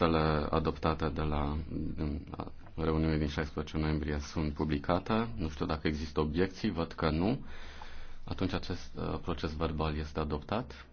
Textele adoptate de la reuniunea din 16 noiembrie sunt publicate. Nu știu dacă există obiecții, văd că nu. Atunci acest uh, proces verbal este adoptat.